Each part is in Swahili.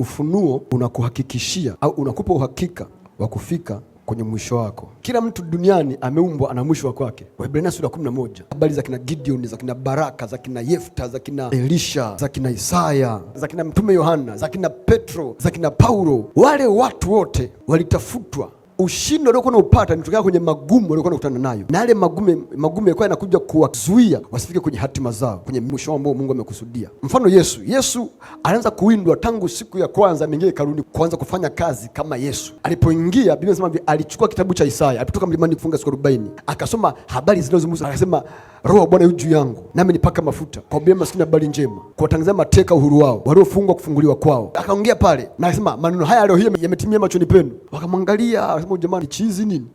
Ufunuo unakuhakikishia au unakupa uhakika wa kufika kwenye mwisho wako. Kila mtu duniani ameumbwa ana mwisho wa kwake. Waebrania sura 11, habari za kina Gideon, za kina Baraka, za kina Yefta, za kina Elisha, za kina Isaya, za kina mtume Yohana, za kina Petro, za kina Paulo, wale watu wote walitafutwa ushindi waliokuwa naupata ni kutokana kwenye magumu waliokuwa nakutana nayo, na yale magumu magumu yalikuwa yanakuja kuwazuia wasifike kwenye hatima zao, kwenye mwisho ambao Mungu amekusudia. Mfano Yesu, Yesu alianza kuwindwa tangu siku ya kwanza ameingia hekaluni kuanza kufanya kazi kama Yesu. Alipoingia Biblia inasema alichukua kitabu cha Isaya, alipotoka mlimani kufunga siku 40 akasoma habari zinazozungumza akasema Roho wa Bwana yu juu yangu, nami nipaka mafuta kuwahubiria maskini habari njema, kuwatangazia mateka uhuru wao, waliofungwa kufunguliwa kwao. Akaongea pale na akasema, maneno haya leo hii yametimia machoni penu. Wakamwangalia akasema, jamani, chizi nini?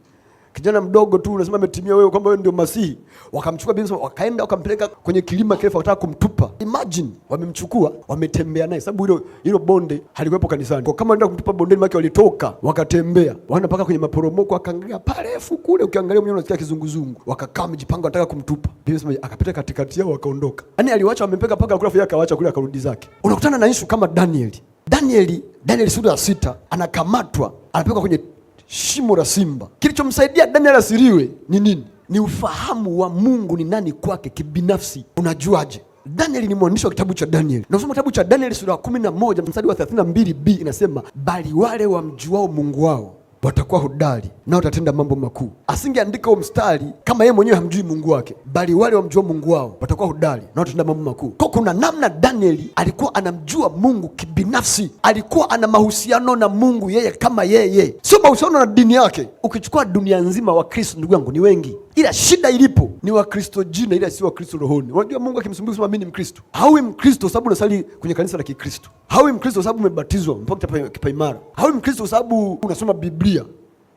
kijana mdogo tu unasema ametimia wewe kwamba wewe ndio Masihi. Wakamchukua Biblia wakaenda wakampeleka kwenye kilima kirefu, wakataka kumtupa. Imagine wamemchukua wametembea naye, sababu hilo hilo bonde halikuwepo kanisani, kwa kama wanaenda kumtupa bondeni, maki walitoka wakatembea, Wana paka kwenye maporomoko, wakaangalia parefu kule, ukiangalia mwenyewe unasikia kizunguzungu, wakakaa mjipanga, wanataka kumtupa. Biblia inasema akapita katikati yao akaondoka. Yaani aliwaacha wamempeka paka kule afya akawacha kule akarudi zake. Unakutana na Yesu kama Danieli. Danieli, Danieli sura ya sita anakamatwa, anapelekwa kwenye shimo la simba. Kilichomsaidia Daniel asiriwe ni nini? Ni ufahamu wa Mungu ni nani kwake kibinafsi. Unajuaje? Danieli ni mwandishi wa kitabu cha Danieli. Nasoma kitabu cha Danieli sura ya kumi na moja mstari wa mbili b inasema, bali wale wamjuao Mungu wao watakuwa hodari na watatenda mambo makuu. Asingeandika huo mstari kama yeye mwenyewe hamjui Mungu wake, bali wale wamjua Mungu wao watakuwa hodari na watatenda mambo makuu. Kwa kuna namna Danieli alikuwa anamjua Mungu kibinafsi, alikuwa ana mahusiano na Mungu yeye kama yeye, sio mahusiano na dini yake. Ukichukua dunia nzima Wakristo, ndugu yangu, ni wengi, ila shida ilipo ni Wakristo jina, ila sio Wakristo rohoni. Unajua Mungu akimsumbua kusema mimi ni Mkristo, hawi Mkristo sababu unasali kwenye kanisa la Kikristo, hawi Mkristo sababu umebatizwa mpaka kipaimara, hawi Mkristo sababu unasoma Biblia liturujia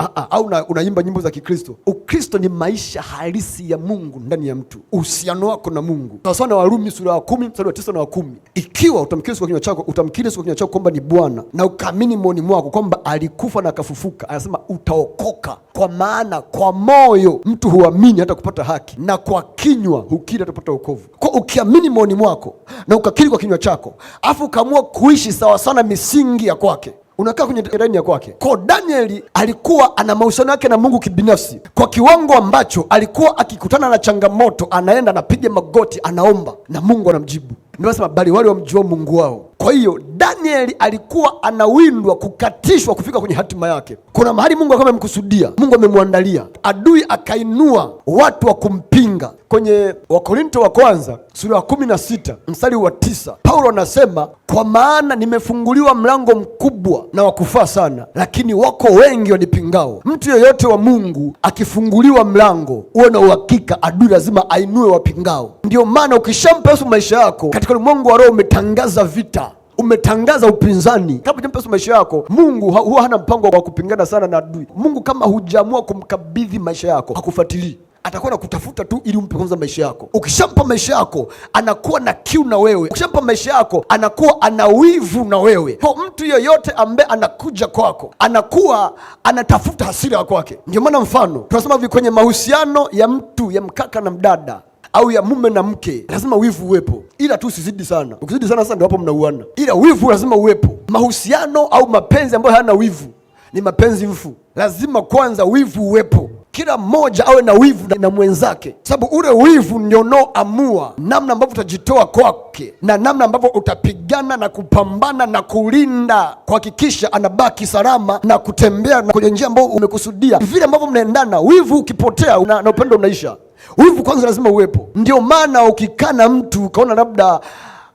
ah, ah, au unaimba nyimbo za Kikristo. Ukristo ni maisha halisi ya Mungu ndani ya mtu, uhusiano wako na Mungu, sawasawa na Warumi sura ya kumi mstari wa tisa na wa kumi. Ikiwa utamkiri kwa kinywa chako utamkiri kwa kinywa chako kwamba ni Bwana na ukaamini moyoni mwako kwamba alikufa na akafufuka, anasema utaokoka. Kwa maana kwa moyo mtu huamini hata kupata haki, na kwa kinywa hukiri hata kupata wokovu. Kwa ukiamini moyoni mwako na ukakiri kwa kinywa chako, afu ukaamua kuishi sawasawa na misingi ya kwake unakaa kwenye ndani ya kwake. Kwa Danieli alikuwa ana mahusiano yake na Mungu kibinafsi kwa kiwango ambacho alikuwa akikutana na changamoto, anaenda anapiga magoti, anaomba na Mungu anamjibu. Ndio nasema bali wale wamjua Mungu wao kwa hiyo Danieli alikuwa anawindwa kukatishwa kufika kwenye hatima yake. Kuna mahali Mungu akawa amemkusudia, Mungu amemwandalia, adui akainua watu wa kumpinga. Kwenye Wakorinto wa kwanza sura ya kumi na sita mstari wa tisa Paulo anasema kwa maana nimefunguliwa mlango mkubwa na wa kufaa sana, lakini wako wengi wanipingao. Mtu yeyote wa Mungu akifunguliwa mlango, uwe na uhakika adui lazima ainue wapingao. Ndiyo maana ukishampa Yesu maisha yako, katika ulimwengu wa roho umetangaza vita umetangaza upinzani, kama jampesu maisha yako, Mungu huwa hana mpango wa kupingana sana na adui. Mungu kama hujaamua kumkabidhi maisha yako, hakufuatilii atakuwa na kutafuta tu ili umpe kwanza maisha yako. Ukishampa maisha yako anakuwa na kiu na wewe, ukishampa maisha yako anakuwa ana wivu na wewe. Kwa mtu yoyote ambaye anakuja kwako anakuwa anatafuta hasira kwake. Ndio maana mfano tunasema hivi kwenye mahusiano ya mtu ya mkaka na mdada au ya mume na mke, lazima wivu uwepo, ila tu usizidi sana. Ukizidi sana, sasa ndio hapo mnauana, ila wivu lazima uwepo. Mahusiano au mapenzi ambayo hayana wivu ni mapenzi mfu. Lazima kwanza wivu uwepo, kila mmoja awe na wivu na mwenzake, sababu ule wivu ndio unaoamua namna ambavyo utajitoa kwake na namna ambavyo utapigana na kupambana na kulinda kuhakikisha anabaki salama na kutembea kwenye njia ambayo umekusudia. Vile ambavyo mnaendana, wivu ukipotea na, na upendo unaisha. Wivu kwanza lazima uwepo. Ndio maana ukikaa na mtu ukaona labda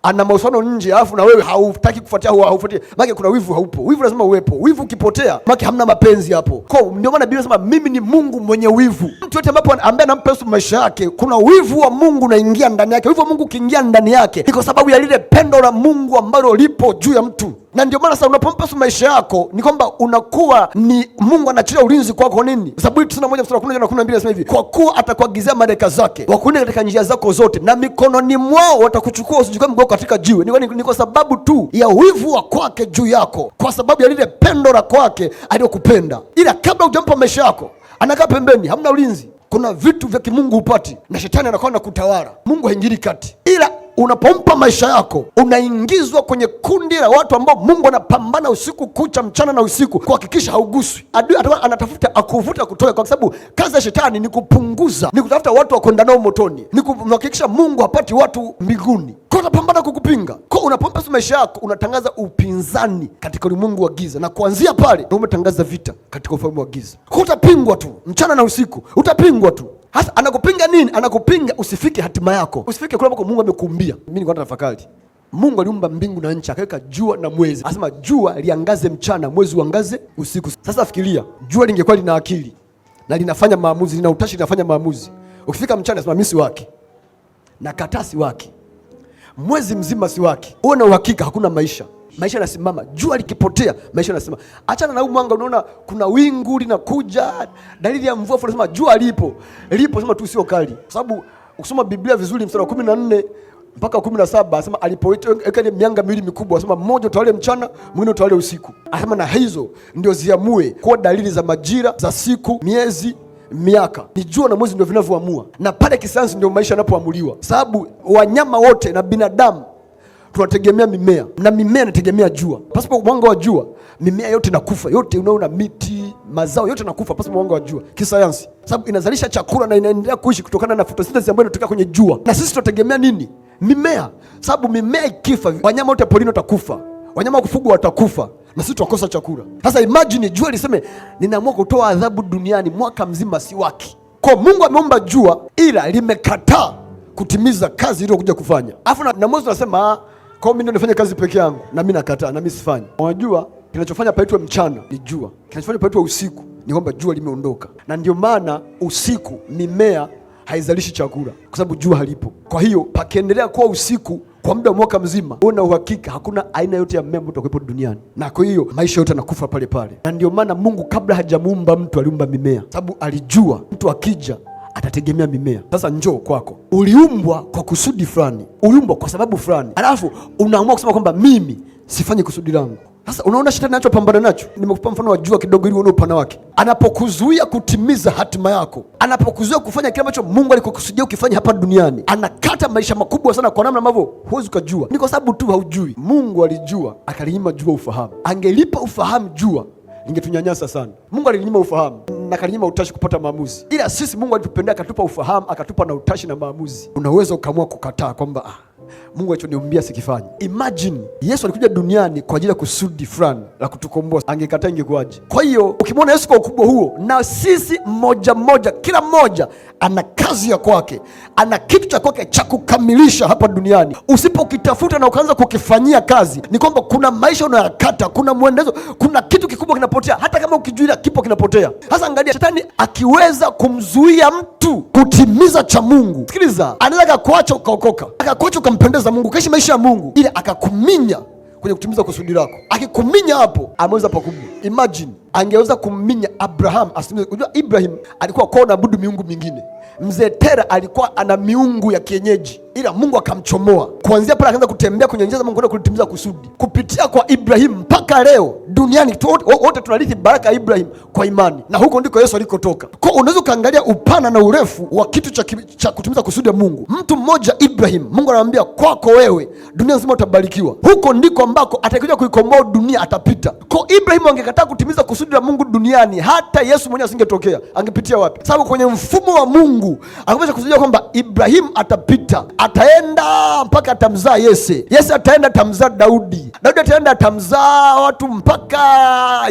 ana mahusiano nje, alafu na wewe hautaki kufuatia, haufuatie, maana kuna wivu haupo. Wivu lazima uwepo. Wivu ukipotea, maana hamna mapenzi hapo. Kwa ndio maana Biblia inasema mimi ni Mungu mwenye wivu. Mtu yote ambapo ambaye anampa Yesu maisha yake, kuna wivu wa Mungu unaingia ndani yake. Wivu wa Mungu ukiingia ndani yake, ni kwa sababu ya lile pendo la Mungu ambalo lipo juu ya mtu na ndio maana sasa unapompa maisha yako ni kwamba unakuwa ni Mungu anachilia ulinzi kwako nini? Zaburi tisini na moja mstari wa kumi na kumi na mbili nasema hivi, kwa kuwa atakuagizia malaika zake wakulinda katika njia zako zote, na mikononi mwao watakuchukua usijikwe mgongo katika jiwe. Ni, ni, ni kwa sababu tu ya wivu wa kwake juu yako, kwa sababu ya lile pendo la kwake aliyokupenda. Ila kabla hujampa maisha yako, anakaa pembeni, hamna ulinzi. Kuna vitu vya kimungu hupati, na shetani anakuwa na kutawala. Mungu haingili kati ila unapompa maisha yako, unaingizwa kwenye kundi la watu ambao Mungu anapambana usiku kucha, mchana na usiku kuhakikisha hauguswi. Adui anatafuta akuvuta kutoka, kwa sababu kazi ya shetani ni kupunguza, ni kutafuta watu wakwenda nao motoni, ni kuhakikisha Mungu hapati watu mbinguni. Kwa unapambana kukupinga, kwa unapompa maisha yako, unatangaza upinzani katika ulimwengu wa giza, na kuanzia pale umetangaza vita katika ufalme wa giza. Kwa utapingwa tu mchana na usiku, utapingwa tu. Hasa anakupinga nini? Anakupinga usifike hatima yako, usifike kule ambako Mungu amekuumbia. Mimi nilikuwa tafakari Mungu aliumba mbingu na nchi, akaweka jua na mwezi, anasema jua liangaze mchana, mwezi uangaze usiku. Sasa fikiria, jua lingekuwa lina akili na linafanya maamuzi, lina utashi, linafanya maamuzi. Ukifika mchana, anasema mimi si wake na katasi wake, mwezi mzima si wake. Uwe na uhakika, hakuna maisha maisha yanasimama. Jua likipotea, maisha yanasimama. Achana na huu mwanga, unaona kuna wingu linakuja, dalili ya mvua. Nasema jua lipo, lipo, sema tu sio kali, kwa sababu ukisoma Biblia vizuri, mstari wa kumi na nne mpaka kumi na saba asema alipoitaweka mianga miwili mikubwa, asema mmoja utawale mchana, mwingine utawale usiku. Asema na hizo ndio ziamue kuwa dalili za majira, za siku, miezi miaka ni jua na mwezi ndio vinavyoamua, na pale kisayansi ndio maisha yanapoamuliwa, sababu wanyama wote na binadamu tunategemea mimea na mimea inategemea jua. Pasipo mwanga wa jua mimea yote inakufa, yote unaona, miti, mazao yote inakufa pasipo mwanga wa jua kisayansi, sababu inazalisha chakula na inaendelea kuishi kutokana na photosynthesis ambayo inatokea kwenye jua. Na sisi tunategemea nini? Mimea, sababu mimea ikifa, wanyama wote porini watakufa, wanyama wa kufugwa watakufa na sisi tunakosa chakula. Sasa imagine jua liseme ninaamua kutoa adhabu duniani mwaka mzima, si wake kwa Mungu ameumba jua, ila limekataa kutimiza kazi iliyokuja kufanya, alafu na, na Mose anasema kwa mimi ndio nifanye kazi peke yangu, na mimi nakataa, na mimi sifanyi. Unajua kinachofanya paitwe mchana ni jua, kinachofanya paitwe usiku ni kwamba jua limeondoka, na ndio maana usiku mimea haizalishi chakula kwa sababu jua halipo. Kwa hiyo pakiendelea kuwa usiku kwa muda wa mwaka mzima, una uhakika hakuna aina yote ya mmea ambao utakuwepo duniani, na kwa hiyo maisha yote yanakufa pale pale. Na ndio maana Mungu kabla hajamuumba mtu aliumba mimea, sababu alijua mtu akija atategemea mimea. Sasa njoo kwako, uliumbwa kwa kusudi fulani, uliumbwa kwa sababu fulani, alafu unaamua kusema kwamba mimi sifanye kusudi langu. Sasa unaona shetani anachopambana nacho. Nimekupa mfano wa jua kidogo, ili uone upana wake. Anapokuzuia kutimiza hatima yako, anapokuzuia kufanya kile ambacho Mungu alikukusudia ukifanya hapa duniani, anakata maisha makubwa sana kwa namna ambavyo huwezi ukajua. Ni kwa sababu tu haujui. Mungu alijua, akalinyima jua ufahamu. Angelipa ufahamu jua lingetunyanyasa sana. Mungu alinyima ufahamu na kalinyima utashi kupata maamuzi, ila sisi Mungu alitupendea akatupa ufahamu, akatupa na utashi na maamuzi. Unaweza ukaamua kukataa kwamba ah, Mungu alichoniumbia sikifanye. Imagine Yesu alikuja duniani kwa ajili ya kusudi fulani la kutukomboa, angekataa ingekuwaje? Kwa hiyo ukimwona Yesu kwa ukubwa huo, na sisi mmoja mmoja, kila mmoja ana kazi ya kwake, ana kitu cha kwake cha kukamilisha hapa duniani. Usipokitafuta na ukaanza kukifanyia kazi, ni kwamba kuna maisha unayakata, kuna mwendezo kuna kitu kikubwa kinapotea, hata kama ukijulia kipo kinapotea. Sasa angalia, shetani akiweza kumzuia mtu kutimiza cha Mungu, sikiliza, anaweza akakuacha ukaokoka, akakuacha unampendeza Mungu, kaishi maisha ya Mungu ili akakuminya kwenye kutimiza kusudi lako. Akikuminya hapo, ameweza pakubwa. Imagine angeweza kumminya Abraham asimwe. Unajua Ibrahim alikuwa kwao naabudu miungu mingine. Mzee Tera alikuwa ana miungu ya kienyeji, ila Mungu akamchomoa. Kuanzia pale akaanza kutembea kwenye njia za Mungu kulitimiza kusudi kupitia kwa Ibrahimu mpaka leo duniani wote tunarithi baraka ya ibrahim kwa imani, na huko ndiko Yesu alikotoka. Kwa unaweza ukaangalia upana na urefu wa kitu cha, cha kutimiza kusudi ya Mungu. Mtu mmoja ibrahim Mungu anamwambia kwako wewe dunia nzima utabarikiwa. Huko ndiko ambako atakuja kuikomboa dunia, atapita kwa Ibrahim. Angekataa kutimiza kusudi kusudi la Mungu duniani, hata Yesu mwenyewe asingetokea, angepitia wapi? Sababu kwenye mfumo wa Mungu akapasha kusudia kwamba Ibrahimu atapita, ataenda mpaka atamzaa Yese, Yese ataenda atamzaa Daudi, Daudi ataenda atamzaa watu mpaka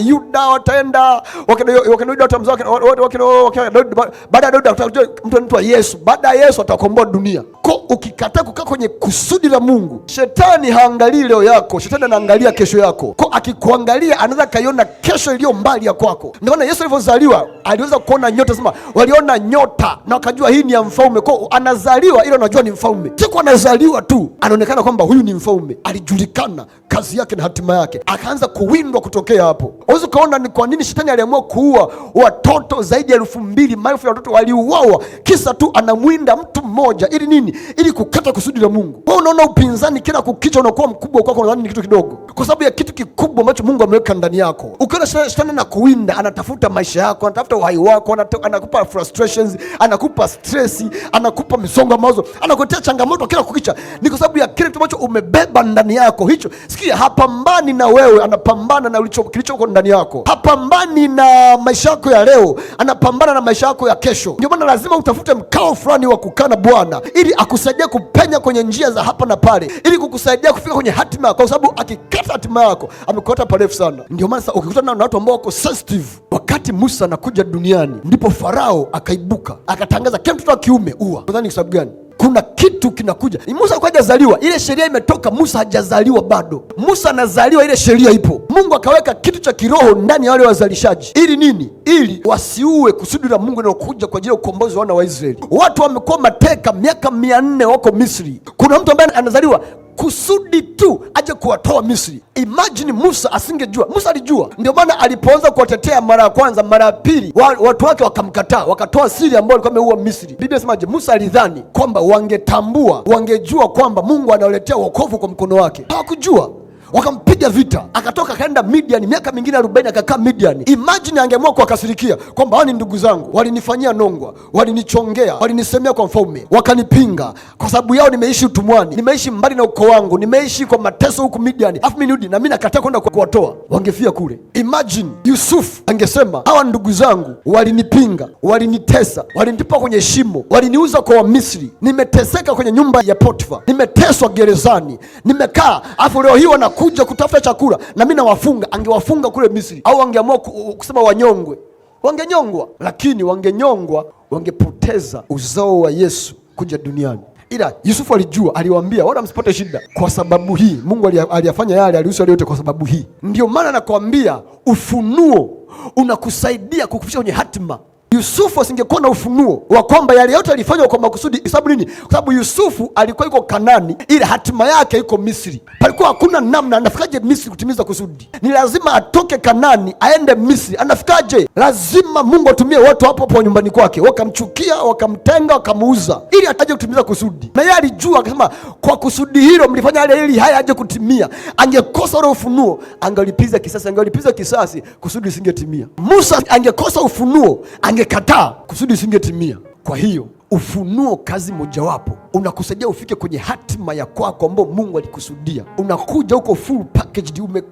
Yuda, wataenda wakina watamzaa Daudi. Baada ya Daudi atakuja mtu anaitwa Yesu, baada ya Yesu atakomboa dunia. Ko ukikataa kukaa kwenye kusudi la Mungu, shetani haangalii leo yako, shetani anaangalia kesho yako. Ko akikuangalia anaweza akaiona kesho iliyo mbali ya kwako. Ndio maana Yesu alivyozaliwa aliweza kuona nyota, sema waliona nyota na wakajua hii ni ya mfalme. Kwa anazaliwa ili anajua ni mfalme, siku anazaliwa tu anaonekana kwamba huyu ni mfalme, alijulikana kazi yake na hatima yake, akaanza kuwindwa kutokea hapo. Unaweza ukaona ni kwa nini shetani aliamua kuua watoto zaidi ya elfu mbili, maelfu ya watoto waliuawa, kisa tu anamwinda mtu mmoja, ili nini? Ili kukata kusudi la Mungu. Wewe unaona upinzani kila kukicha unakuwa mkubwa kwako, nadhani ni kitu kidogo, kwa sababu ya kitu kikubwa ambacho Mungu ameweka ndani yako. Ukiona shetani anashindana na kuwinda, anatafuta maisha yako, anatafuta uhai wako, anakupa frustrations, anakupa stress, anakupa misongo wa mawazo, anakuletea changamoto kila kukicha. Ni kwa sababu ya kile kitu ambacho umebeba ndani yako. Hicho sikia, hapambani na wewe, anapambana na kilichoko ndani yako. Hapambani na maisha yako ya leo, anapambana na maisha yako ya kesho. Ndio maana lazima utafute mkao fulani wa kukaa na Bwana ili akusaidia kupenya kwenye njia za hapa na pale, ili kukusaidia kufika kwenye hatima kwa sababu akikata hatima yako amekukata parefu sana. Ndio maana ukikutana na watu ambao wako sensitive. Wakati Musa anakuja duniani, ndipo Farao akaibuka akatangaza kila mtoto wa kiume ua. Nadhani kwa sababu gani? Kuna kitu kinakuja. Musa alikuwa hajazaliwa, ile sheria imetoka. Musa hajazaliwa bado, Musa anazaliwa, ile sheria ipo. Mungu akaweka kitu cha kiroho ndani ya wale wazalishaji, ili nini? Ili wasiue kusudi la Mungu linalokuja kwa ajili ya ukombozi wa wana wa Israeli. Watu wamekuwa mateka miaka mia nne wako Misri. Kuna mtu ambaye anazaliwa kusudi tu aje kuwatoa Misri. Imagine Musa asingejua. Musa alijua, ndio maana alipoanza kuwatetea mara ya kwanza, mara ya pili watu wake wakamkataa, wakatoa siri ambayo alikuwa ameua Misri. Biblia inasemaje? Musa alidhani kwamba wangetambua, wangejua kwamba Mungu anawaletea wokovu kwa mkono wake. Hawakujua wakampiga vita, akatoka akaenda Midian, miaka mingine arobaini akakaa Midian. Imagine angeamua kuwakasirikia kwamba hao ni ndugu zangu, walinifanyia nongwa, walinichongea, walinisemea kwa mfalme, wakanipinga kwa sababu yao. Nimeishi utumwani, nimeishi mbali na ukoo wangu, nimeishi kwa mateso huku Midian, afu mimi nirudi na mi nakataa kwenda kuwatoa, wangefia kule. Imagine Yusuf angesema hawa ndugu zangu walinipinga, walinitesa, walinitupa kwenye shimo, waliniuza kwa Wamisri, nimeteseka kwenye nyumba ya Potifa, nimeteswa gerezani, nimekaa afu leo hii wana wanakuja kutafuta chakula na mi nawafunga, angewafunga kule Misri, au angeamua kusema wanyongwe, wangenyongwa. Lakini wangenyongwa, wangepoteza uzao wa Yesu kuja duniani. Ila Yusufu alijua, aliwaambia wala msipote shida. Kwa sababu hii Mungu aliyafanya yale, aliruhusu yale yote kwa sababu hii. Ndio maana nakwambia ufunuo unakusaidia kukufikisha kwenye hatima. Yusufu asingekuwa na ufunuo wa kwamba yale yote alifanywa kwa makusudi. Sababu nini? Kwa sababu Yusufu alikuwa iko Kanani, ila hatima yake iko Misri. Palikuwa hakuna namna, anafikaje Misri kutimiza kusudi? Ni lazima atoke Kanani aende Misri. Anafikaje? Lazima Mungu atumie watu hapo hapo nyumbani kwake, wakamchukia, wakamtenga, wakamuuza, ili ataje kutimiza kusudi. Na yeye alijua, akasema, kwa kusudi hilo mlifanya yale, ili haya aje kutimia. Angekosa ule ufunuo, angelipiza kisasi, angelipiza kisasi, kusudi lisingetimia. Musa angekosa ufunuo, ange ungekataa kusudi usingetimia Kwa hiyo ufunuo, kazi mojawapo, unakusaidia ufike kwenye hatima ya kwako ambayo Mungu alikusudia. Unakuja huko full packaged, ume,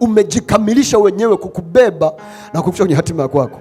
umejikamilisha wenyewe kukubeba na kufika kwenye hatima ya kwako.